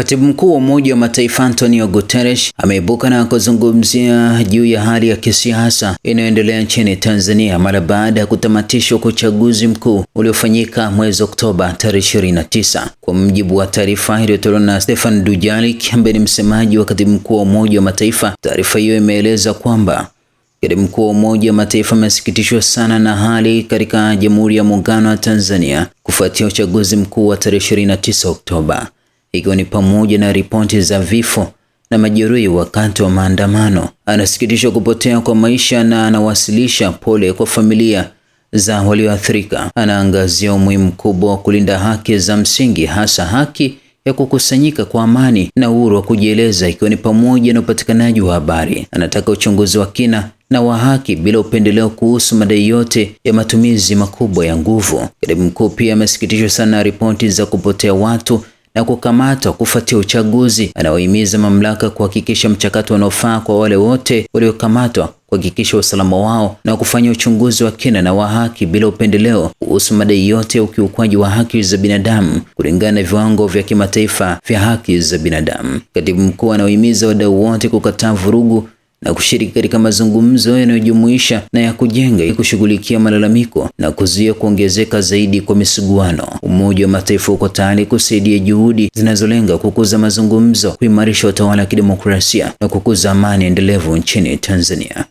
Katibu Mkuu wa Umoja wa Mataifa Antonio Guterres ameibuka na kuzungumzia juu ya hali ya kisiasa inayoendelea nchini Tanzania mara baada ya kutamatishwa kwa uchaguzi mkuu uliofanyika mwezi Oktoba tarehe 29. Kwa mjibu wa taarifa iliyotolewa na Stefan Dujarric ambaye ni msemaji wa Katibu Mkuu wa Umoja wa Mataifa, taarifa hiyo imeeleza kwamba Katibu Mkuu wa Umoja wa Mataifa amesikitishwa sana na hali katika Jamhuri ya Muungano wa Tanzania kufuatia uchaguzi mkuu wa tarehe 29 Oktoba ikiwa ni pamoja na ripoti za vifo na majeruhi wakati wa maandamano. Anasikitishwa kupotea kwa maisha na anawasilisha pole kwa familia za walioathirika. Anaangazia umuhimu mkubwa wa kulinda haki za msingi, hasa haki ya kukusanyika kwa amani na uhuru wa kujieleza, ikiwa ni pamoja na upatikanaji wa habari. Anataka uchunguzi wa kina na wa haki bila upendeleo kuhusu madai yote ya matumizi makubwa ya nguvu. Katibu mkuu pia amesikitishwa sana na ripoti za kupotea watu na kukamatwa kufuatia uchaguzi, anaohimiza mamlaka kuhakikisha mchakato unaofaa kwa wale wote waliokamatwa, kuhakikisha usalama wao na kufanya uchunguzi wa kina na wa haki bila upendeleo kuhusu madai yote ya ukiukwaji wa haki za binadamu kulingana na viwango vya kimataifa vya haki za binadamu. Katibu mkuu anaohimiza wadau wote kukataa vurugu na kushiriki katika mazungumzo yanayojumuisha na ya kujenga ili kushughulikia malalamiko na kuzuia kuongezeka zaidi kwa misuguano. Umoja wa Mataifa uko tayari kusaidia juhudi zinazolenga kukuza mazungumzo, kuimarisha utawala wa kidemokrasia na kukuza amani endelevu nchini Tanzania.